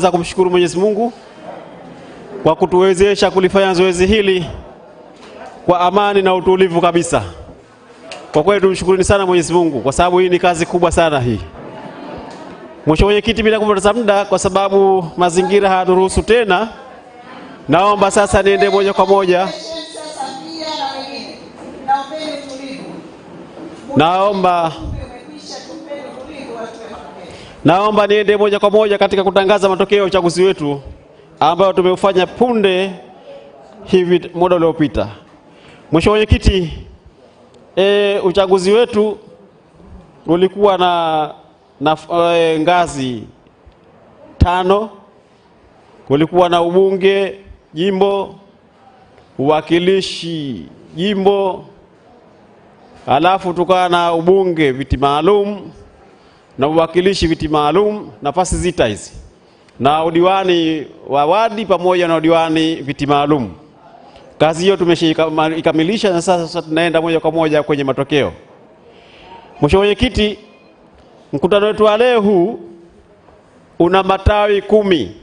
Za kumshukuru Mwenyezi Mungu kwa kutuwezesha kulifanya zoezi hili kwa amani na utulivu kabisa. Kwa kweli tumshukuruni sana Mwenyezi Mungu kwa sababu hii ni kazi kubwa sana hii. Mheshimiwa Mwenyekiti, bila kupoteza muda, kwa sababu mazingira hayaturuhusu tena, naomba sasa niende moja kwa moja, naomba Naomba niende moja kwa moja katika kutangaza matokeo ya uchaguzi wetu ambayo tumeufanya punde hivi muda uliopita. Mheshimiwa Mwenyekiti, e, uchaguzi wetu ulikuwa na, na e, ngazi tano. Kulikuwa na ubunge jimbo, uwakilishi jimbo, halafu tukawa na ubunge viti maalum na uwakilishi viti maalum nafasi zita hizi na udiwani wa wadi pamoja na udiwani viti maalum. Kazi hiyo tumeshaikamilisha na sasa tunaenda moja kwa moja kwenye matokeo. Mheshimiwa Mwenyekiti, mkutano wetu wa leo huu una matawi kumi,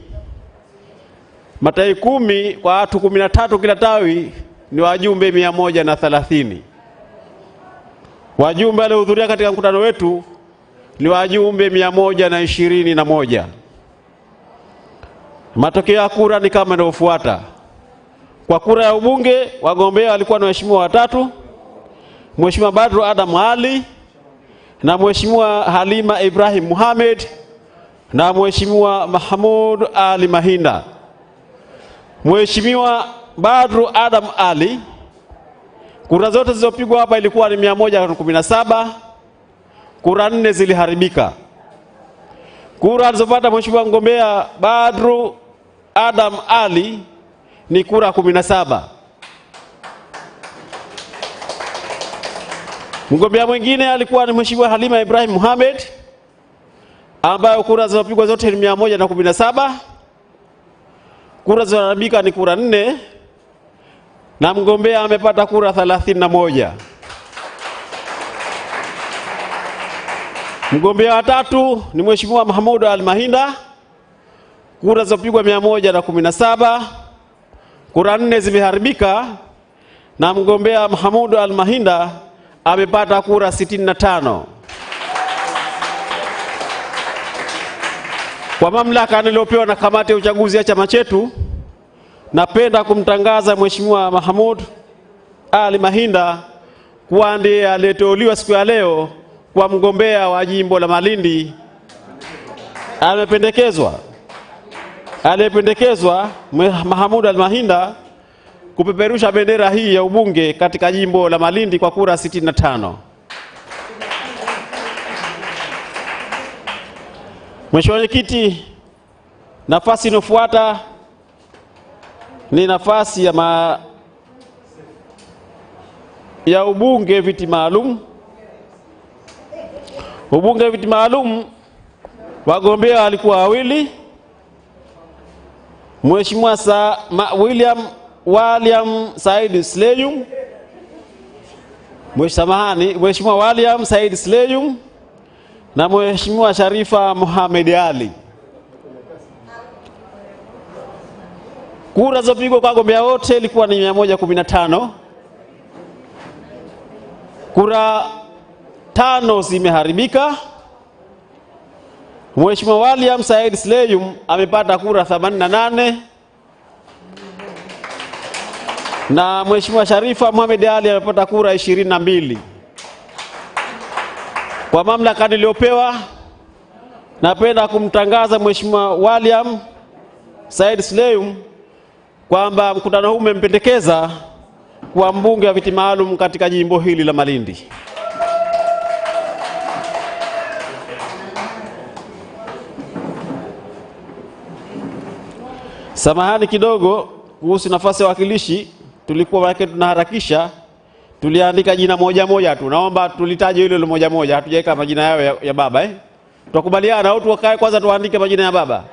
matawi kumi kwa watu kumi na tatu kila tawi ni wajumbe mia moja na thelathini. Wajumbe waliohudhuria katika mkutano wetu ni wajumbe mia moja na ishirini na moja. Matokeo ya kura ni kama inavyofuata. Kwa kura ya ubunge wagombea walikuwa ni waheshimiwa watatu, Mheshimiwa Badru Adam Ali na Mheshimiwa Halima Ibrahim Muhamed na Mheshimiwa Mahmud Ali Mahinda. Mheshimiwa Badru Adam Ali, kura zote zilizopigwa hapa ilikuwa ni mia moja kumi na saba kura nne ziliharibika. Kura alizopata mheshimiwa mgombea Badru Adam Ali ni kura kumi na saba. Mgombea mwingine alikuwa ni mheshimiwa Halima Ibrahim Mohamed ambayo kura zilizopigwa zote ni mia moja na kumi na saba. Kura zilizoharibika ni kura nne na mgombea amepata kura thelathini na moja. Mgombea wa tatu ni Mheshimiwa Mahmoud Ali Mahinda, kura zilizopigwa mia moja na kumi na saba, kura nne zimeharibika na mgombea Mahmoud al Mahinda amepata kura 65. Kwa mamlaka niliyopewa na kamati ya uchaguzi ya chama chetu, napenda kumtangaza Mheshimiwa Mahmoud Ali Mahinda kuwa ndiye aliyeteuliwa siku ya leo kwa mgombea wa jimbo la Malindi amependekezwa aliyependekezwa Mahamud Al-Mahinda kupeperusha bendera hii ya ubunge katika jimbo la Malindi kwa kura 65. Mheshimiwa Mwenyekiti, nafasi inayofuata ni nafasi ya, ma... ya ubunge viti maalum. Ubunge viti maalum wagombea walikuwa wawili, Mheshimiwa William William Said Sleyum, samahani, Mheshimiwa William Said Sleyum na Mheshimiwa Sharifa Mohamed Ali. Kura zopigwa kwa wagombea wote ilikuwa ni 115 kura tano zimeharibika. Mheshimiwa William Said Sleyum amepata kura 88 na Mheshimiwa Sharifa Mohamed Ali amepata kura 22. Kwa mamlaka niliyopewa, napenda kumtangaza Mheshimiwa William Said Sleyum kwamba mkutano huu umempendekeza kuwa mbunge wa viti maalum katika jimbo hili la Malindi. Samahani kidogo kuhusu nafasi ya wakilishi, tulikuwa wake tunaharakisha, tuliandika jina moja moja tu. Naomba tulitaje ile ile moja moja, hatujaweka majina yao ya, ya baba eh? Tukubaliana au tuwakae kwanza tuandike majina ya baba,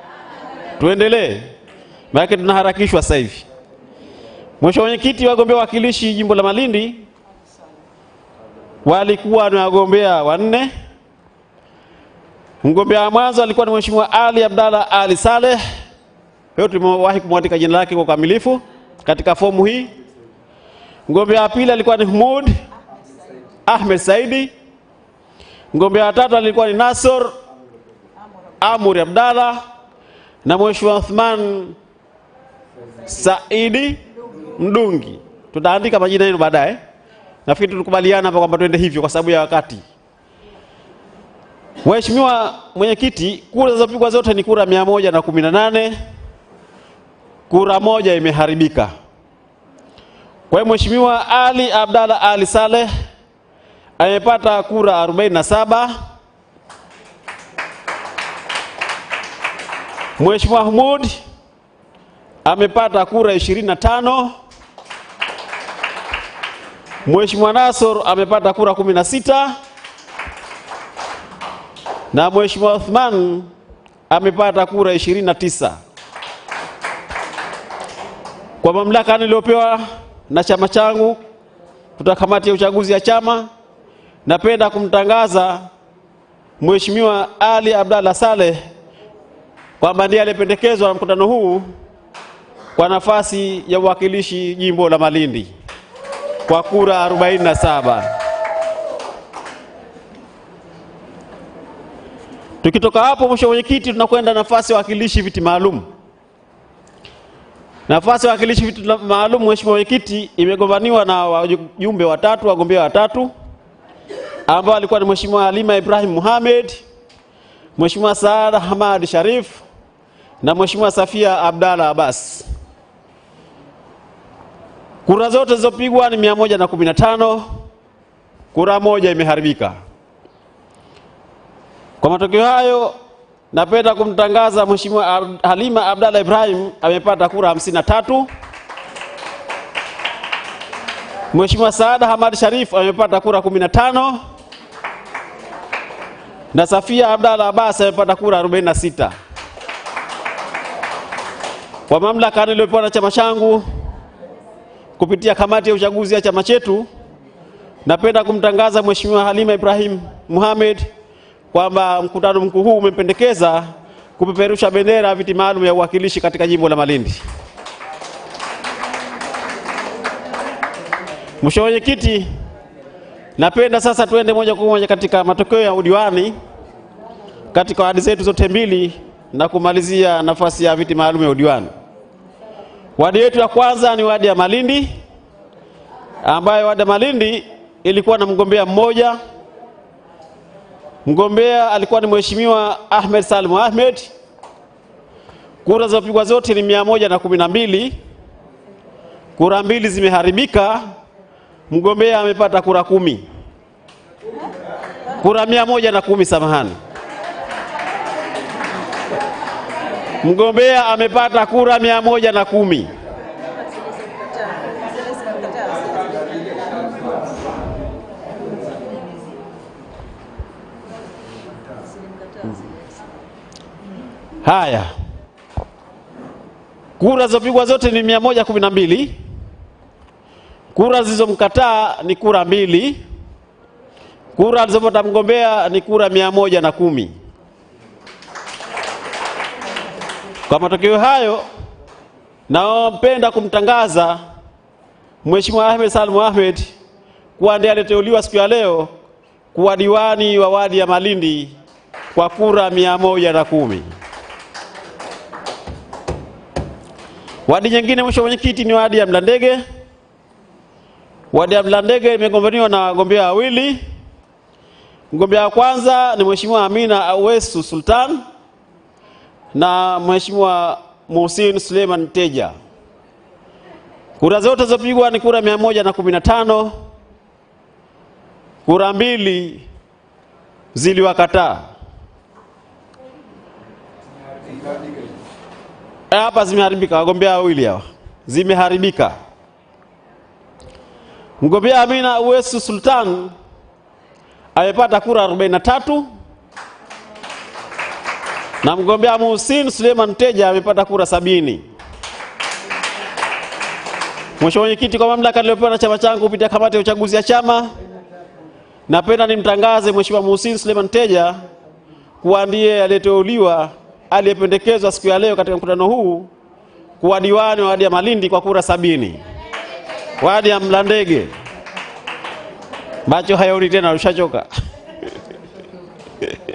tuendelee, maanake tunaharakishwa sasa hivi. Mheshimiwa Mwenyekiti, wagombea wakilishi jimbo la Malindi walikuwa ni wagombea wanne. Mgombea wa mwanzo alikuwa ni Mheshimiwa Ali Abdalla Ali Saleh huyo tumewahi kumwandika jina lake kwa ukamilifu katika fomu hii. Mgombea wa pili alikuwa ni Humud Ahmed Saidi. Mgombea wa tatu alikuwa ni Nasor Amuri Abdalla na Mheshimiwa Uthman Saidi Mdungi. Tutaandika majina yenu baadaye. Nafikiri tulikubaliana hapa kwamba tuende hivyo kwa sababu ya wakati. Mheshimiwa Mwenyekiti, kura zilizopigwa zote ni kura mia moja na kumi na nane kura moja imeharibika. Kwa hiyo Mheshimiwa Ali Abdalla Ali Saleh amepata kura 47. Mheshimiwa Mahmud amepata kura 25. Mheshimiwa Nasor amepata kura 16 na Mheshimiwa Uthman amepata kura 29. Kwa mamlaka niliyopewa na chama changu kutoka kamati ya uchaguzi ya chama, napenda kumtangaza Mheshimiwa Ali Abdalla Saleh kwamba ndiye aliyependekezwa na mkutano huu kwa nafasi ya uwakilishi jimbo la Malindi kwa kura 47. Tukitoka hapo, Mheshimiwa Mwenyekiti, tunakwenda nafasi ya uwakilishi viti maalum. Nafasi ya wakilishi vitu maalum, Mheshimiwa Mwenyekiti, imegombaniwa na wajumbe watatu, wagombea watatu ambao alikuwa ni Mheshimiwa Halima Ibrahim Muhamed, Mheshimiwa Saad Hamad Sharif na Mheshimiwa Safia Abdalla Abbas. Kura zote zilizopigwa ni 115. Kura moja imeharibika. Kwa matokeo hayo Napenda kumtangaza Mheshimiwa Halima Abdalla Ibrahim amepata kura 53. Mheshimiwa Saada Hamad Sharif amepata kura 15 na Safia Abdalla Abbas amepata kura 46. Kwa mamlaka niliyopewa na chama changu kupitia kamati ya uchaguzi ya chama chetu, napenda kumtangaza Mheshimiwa Halima Ibrahim Muhammad kwamba mkutano mkuu huu umependekeza kupeperusha bendera viti maalum ya uwakilishi katika jimbo la Malindi. Mheshimiwa Mwenyekiti, napenda sasa tuende moja kwa moja katika matokeo ya udiwani katika wadi zetu zote mbili na kumalizia nafasi ya viti maalum ya udiwani. Wadi yetu ya kwanza ni wadi ya Malindi ambayo wadi ya Malindi ilikuwa na mgombea mmoja Mgombea alikuwa ni Mheshimiwa Ahmed Salim Ahmed. Kura zilizopigwa zote ni mia moja na kumi na mbili. Kura mbili zimeharibika. Mgombea amepata kura kumi, kura mia moja na kumi, samahani. Mgombea amepata kura mia moja na kumi. Haya, kura zopigwa zote ni 112. Kura zilizomkataa ni kura mbili. Kura alizopata mgombea ni kura mia moja na kumi. Kwa matokeo hayo, naopenda kumtangaza Mheshimiwa Ahmed Salmu Ahmed kuwa ndiye aliteuliwa siku ya leo kuwa diwani wa wadi ya Malindi kwa kura mia moja na kumi. Wadi nyingine mwisho, mwenyekiti, ni wadi ya Mlandege. Wadi ya Mlandege imegombaniwa na wagombea wawili. Mgombea wa kwanza ni Mheshimiwa Amina Awesu Sultan na Mheshimiwa Muhsin Suleiman Teja. Kura zote zilizopigwa ni kura mia moja na kumi na tano. Kura mbili ziliwakataa hapa zimeharibika, wagombea wawili hawa zimeharibika. Mgombea Amina Uwesu Sultan amepata kura 43 na mgombea Muhsin Suleiman Teja amepata kura sabini. Mheshimiwa Mwenyekiti, kwa mamlaka niliyopewa na chama changu kupitia kamati ya uchaguzi ya chama, napenda nimtangaze Mheshimiwa Muhsin Suleiman Teja kuwa ndiye aliyeteuliwa aliyependekezwa siku ya leo katika mkutano huu kuwa diwani wa wadi ya Malindi kwa kura sabini, wadi ya Mlandege macho hayauri tena, ushachoka.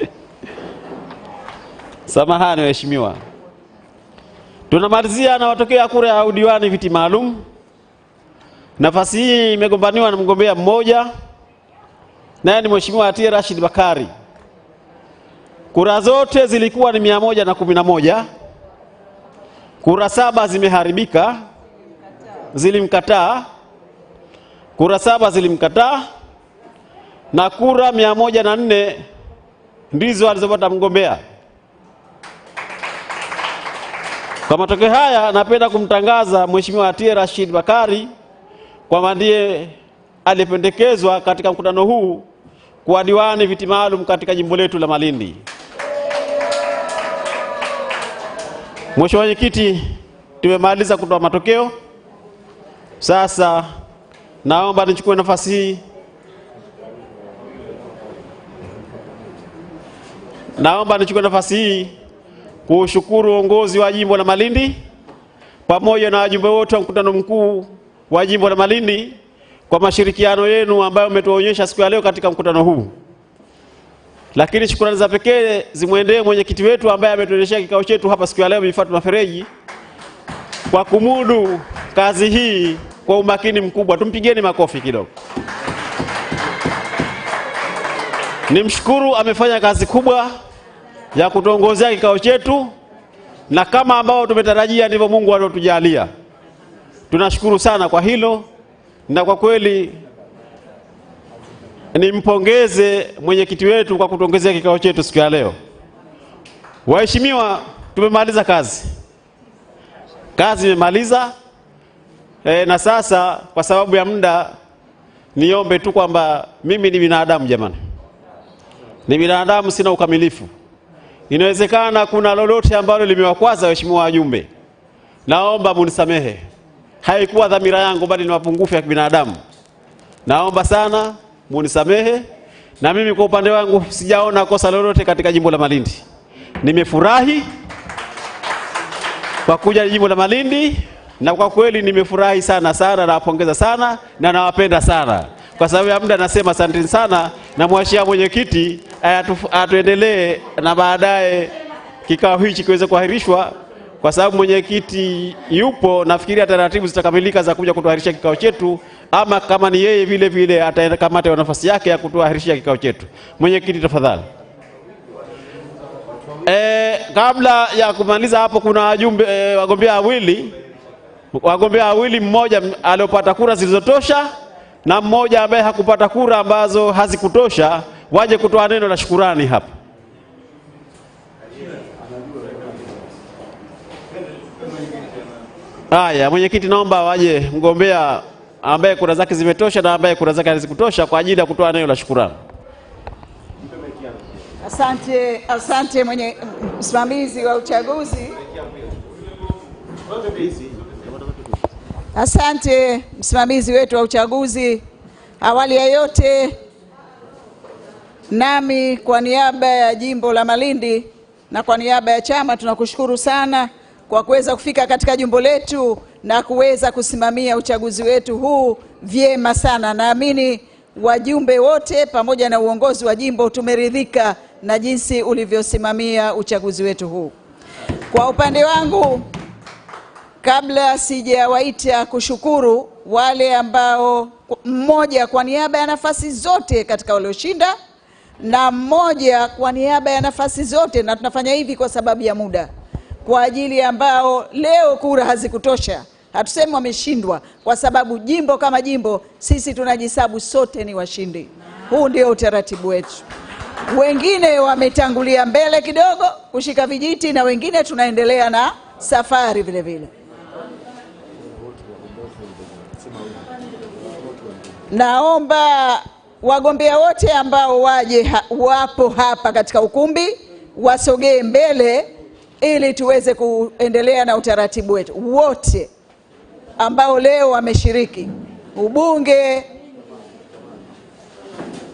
Samahani waheshimiwa, tunamalizia na matokeo ya kura ya udiwani viti maalum. Nafasi hii imegombaniwa na mgombea mmoja, naye ni Mheshimiwa Atie Rashid Bakari. Kura zote zilikuwa ni mia moja na kumi na moja. Kura saba zimeharibika, zilimkataa. Kura saba zilimkataa na kura mia moja na nne ndizo alizopata mgombea. Kwa matokeo haya, napenda kumtangaza Mheshimiwa Atie Rashid Bakari kwamba ndiye aliyependekezwa katika mkutano huu kuwa diwani viti maalum katika jimbo letu la Malindi. Mheshimiwa Mwenyekiti, tumemaliza kutoa matokeo. Sasa naomba nichukue nafasi hii, naomba nichukue nafasi hii kuushukuru uongozi wa jimbo la Malindi pamoja na wajumbe wote wa mkutano mkuu wa jimbo la Malindi kwa mashirikiano yenu ambayo umetuonyesha siku ya leo katika mkutano huu. Lakini shukrani za pekee zimwendee mwenyekiti wetu ambaye ametuendeshea kikao chetu hapa siku ya leo, Bi Fatuma Fereji, kwa kumudu kazi hii kwa umakini mkubwa. Tumpigeni makofi kidogo. Nimshukuru, amefanya kazi kubwa ya kutuongozea kikao chetu, na kama ambao tumetarajia ndivyo Mungu aliotujalia. Tunashukuru sana kwa hilo, na kwa kweli Nimpongeze mwenyekiti wetu kwa kutuongezea kikao chetu siku ya leo. Waheshimiwa, tumemaliza kazi, kazi imemaliza. E, na sasa kwa sababu ya muda niombe tu kwamba mimi ni binadamu jamani, ni binadamu, sina ukamilifu. Inawezekana kuna lolote ambalo limewakwaza waheshimiwa wajumbe, naomba munisamehe, haikuwa dhamira yangu, bali ni mapungufu ya kibinadamu. Naomba sana munisamehe. Na mimi kwa upande wangu sijaona kosa lolote katika jimbo la Malindi. Nimefurahi kwa kuja jimbo la Malindi, na kwa kweli nimefurahi sana sana. Nawapongeza sana na nawapenda sana. Kwa sababu ya muda nasema asanteni sana, na mwashia mwenyekiti atuendelee na baadaye kikao hichi kiweze kuahirishwa kwa sababu mwenyekiti yupo, nafikiria taratibu zitakamilika za kuja kutuahirisha kikao chetu, ama kama ni yeye vile vile atakamata nafasi yake ya kutuahirisha kikao chetu. Mwenyekiti tafadhali. E, kabla ya kumaliza hapo kuna wajumbe e, wagombea wawili wagombea wawili, mmoja aliopata kura zilizotosha na mmoja ambaye hakupata kura ambazo hazikutosha, waje kutoa neno la shukurani hapa. Haya, mwenyekiti, naomba waje mgombea ambaye kura zake zimetosha na ambaye kura zake hazikutosha kwa ajili ya kutoa neno la shukrani. Asante, asante mwenye msimamizi wa uchaguzi. Asante msimamizi wetu wa uchaguzi. Awali ya yote, nami kwa niaba ya jimbo la Malindi na kwa niaba ya chama tunakushukuru sana kwa kuweza kufika katika jimbo letu na kuweza kusimamia uchaguzi wetu huu vyema sana. Naamini wajumbe wote pamoja na uongozi wa jimbo tumeridhika na jinsi ulivyosimamia uchaguzi wetu huu. Kwa upande wangu, kabla sijawaita kushukuru wale ambao mmoja kwa niaba ya nafasi zote katika walioshinda na mmoja kwa niaba ya nafasi zote, na tunafanya hivi kwa sababu ya muda kwa ajili ambao leo kura hazikutosha. Hatusemi wameshindwa, kwa sababu jimbo kama jimbo sisi tunajisabu sote ni washindi. Huu ndio utaratibu wetu. Wengine wametangulia mbele kidogo kushika vijiti, na wengine tunaendelea na safari vile vile, naomba wagombea wote ambao waje ha, wapo hapa katika ukumbi wasogee mbele ili tuweze kuendelea na utaratibu wetu. Wote ambao leo wameshiriki ubunge,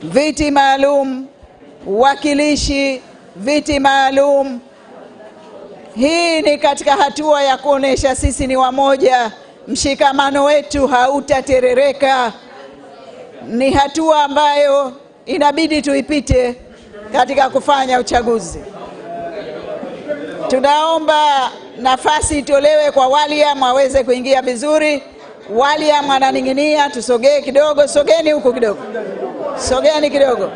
viti maalum, uwakilishi, viti maalum, hii ni katika hatua ya kuonesha sisi ni wamoja, mshikamano wetu hautaterereka. Ni hatua ambayo inabidi tuipite katika kufanya uchaguzi. Tunaomba nafasi itolewe kwa Waliam aweze kuingia vizuri. Waliam ananing'inia, tusogee kidogo. Sogeni huku kidogo, sogeni kidogo,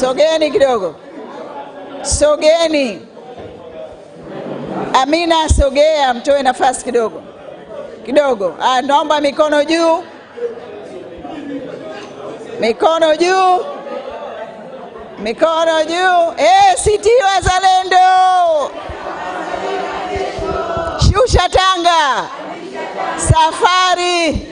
sogeni kidogo, sogeni. Amina, sogea, mtoe nafasi kidogo kidogo. Ah, naomba mikono juu, mikono juu. Mikono juu. ACT Wazalendo, shusha tanga, safari.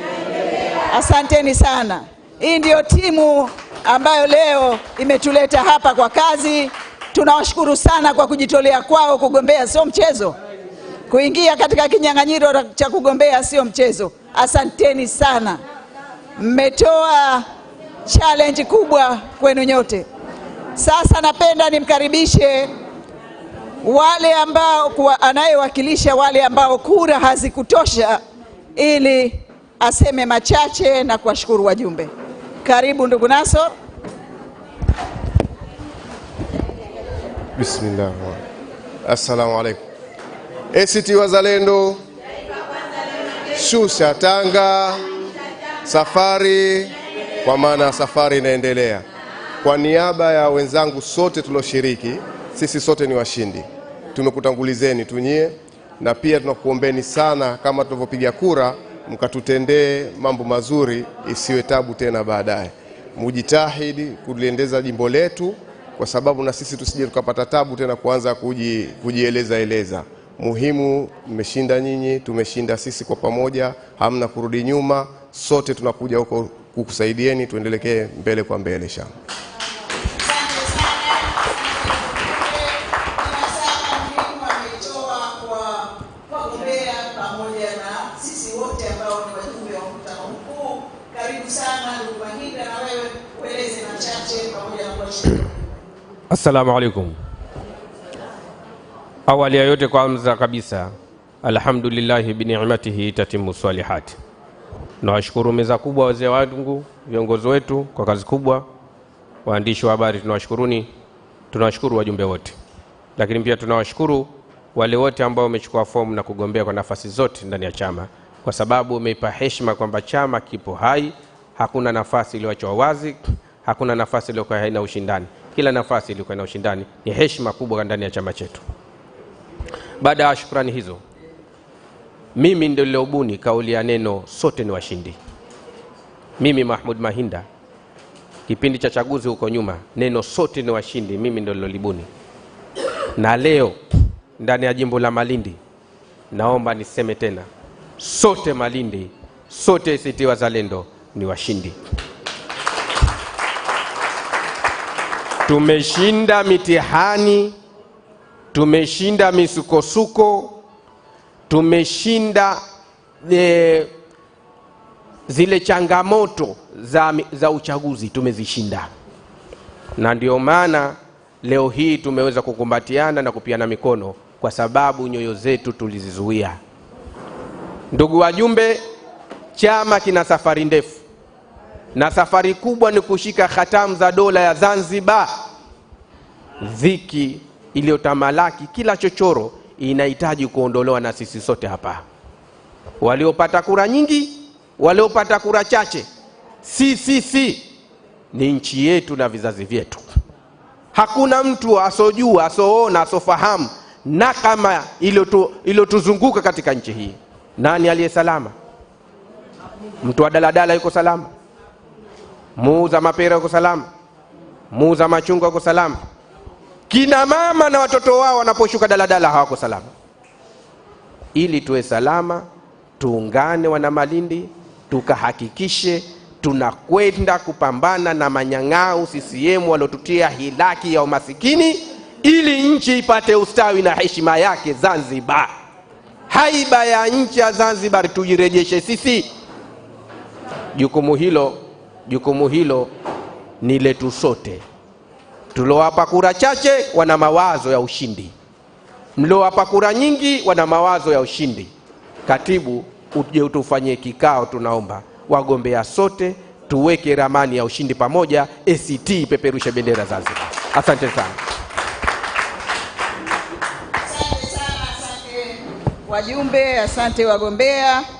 Asanteni sana. Hii ndiyo timu ambayo leo imetuleta hapa kwa kazi. Tunawashukuru sana kwa kujitolea kwao kugombea, sio mchezo. Kuingia katika kinyang'anyiro cha kugombea sio mchezo. Asanteni sana, mmetoa challenge kubwa kwenu nyote. Sasa napenda nimkaribishe wale ambao anayewakilisha wale ambao kura hazikutosha ili aseme machache na kuwashukuru wajumbe. Karibu ndugu Naso. Bismillah. Assalamu alaykum. ACT Wazalendo, shusha tanga, safari kwa maana safari inaendelea. Kwa niaba ya wenzangu sote tulioshiriki, sisi sote ni washindi. Tumekutangulizeni tunyie, na pia tunakuombeni sana, kama tunavyopiga kura, mkatutendee mambo mazuri, isiwe tabu tena baadaye. Mujitahidi kuliendeza jimbo letu, kwa sababu na sisi tusije tukapata tabu tena kuanza kuji, kujieleza eleza. Muhimu mmeshinda nyinyi, tumeshinda sisi, kwa pamoja hamna kurudi nyuma, sote tunakuja huko kukusaidieni, tuendelekee mbele kwa mbele shamba Assalamu alaikum. Awali ya yote kwanza kabisa, alhamdulillahi binimatihi tatimu salihati. nawashukuru meza kubwa, wazee wangu, viongozi wetu kwa kazi kubwa, waandishi wa habari tunawashukuruni, tunawashukuru wajumbe wote, lakini pia tunawashukuru wale wote ambao wamechukua fomu na kugombea kwa nafasi zote ndani ya chama, kwa sababu umeipa heshima kwamba chama kipo hai, hakuna nafasi iliyoachwa wazi, hakuna nafasi iliyokuwa haina ushindani kila nafasi ilikuwa na ushindani. Ni heshima kubwa ndani ya chama chetu. Baada ya shukrani hizo, mimi ndio niliobuni kauli ya neno sote ni washindi. Mimi Mahmud Mahinda, kipindi cha chaguzi huko nyuma, neno sote ni washindi, mimi ndio nilolibuni, na leo ndani ya jimbo la Malindi naomba niseme tena, sote Malindi, sote ACT Wazalendo ni washindi. Tumeshinda mitihani, tumeshinda misukosuko, tumeshinda e, zile changamoto za, za uchaguzi tumezishinda, na ndio maana leo hii tumeweza kukumbatiana na kupiana mikono kwa sababu nyoyo zetu tulizizuia. Ndugu wajumbe, chama kina safari ndefu na safari kubwa ni kushika khatamu za dola ya Zanzibar. Dhiki iliyotamalaki kila chochoro inahitaji kuondolewa na sisi sote hapa, waliopata kura nyingi, waliopata kura chache. Si si si, ni nchi yetu na vizazi vyetu. Hakuna mtu asojua, asoona, asofahamu na kama iliyotuzunguka katika nchi hii. Nani aliye salama? Mtu wa daladala yuko salama? muuza mapera uko salama, muuza machungwa uko salama. Kina mama na watoto wao wanaposhuka daladala hawako salama. Ili tuwe salama, tuungane wana Malindi, tukahakikishe tunakwenda kupambana na manyang'au CCM waliotutia hilaki ya umasikini, ili nchi ipate ustawi na heshima yake. Zanzibar, haiba ya nchi ya Zanzibar tuirejeshe sisi. Jukumu hilo Jukumu hilo ni letu sote. Tuliowapa kura chache wana mawazo ya ushindi, mliowapa kura nyingi wana mawazo ya ushindi. Katibu, uje utufanyie kikao, tunaomba wagombea sote tuweke ramani ya ushindi pamoja. ACT ipeperushe bendera Zanzibar. Asante sana. Asante wajumbe, asante wagombea.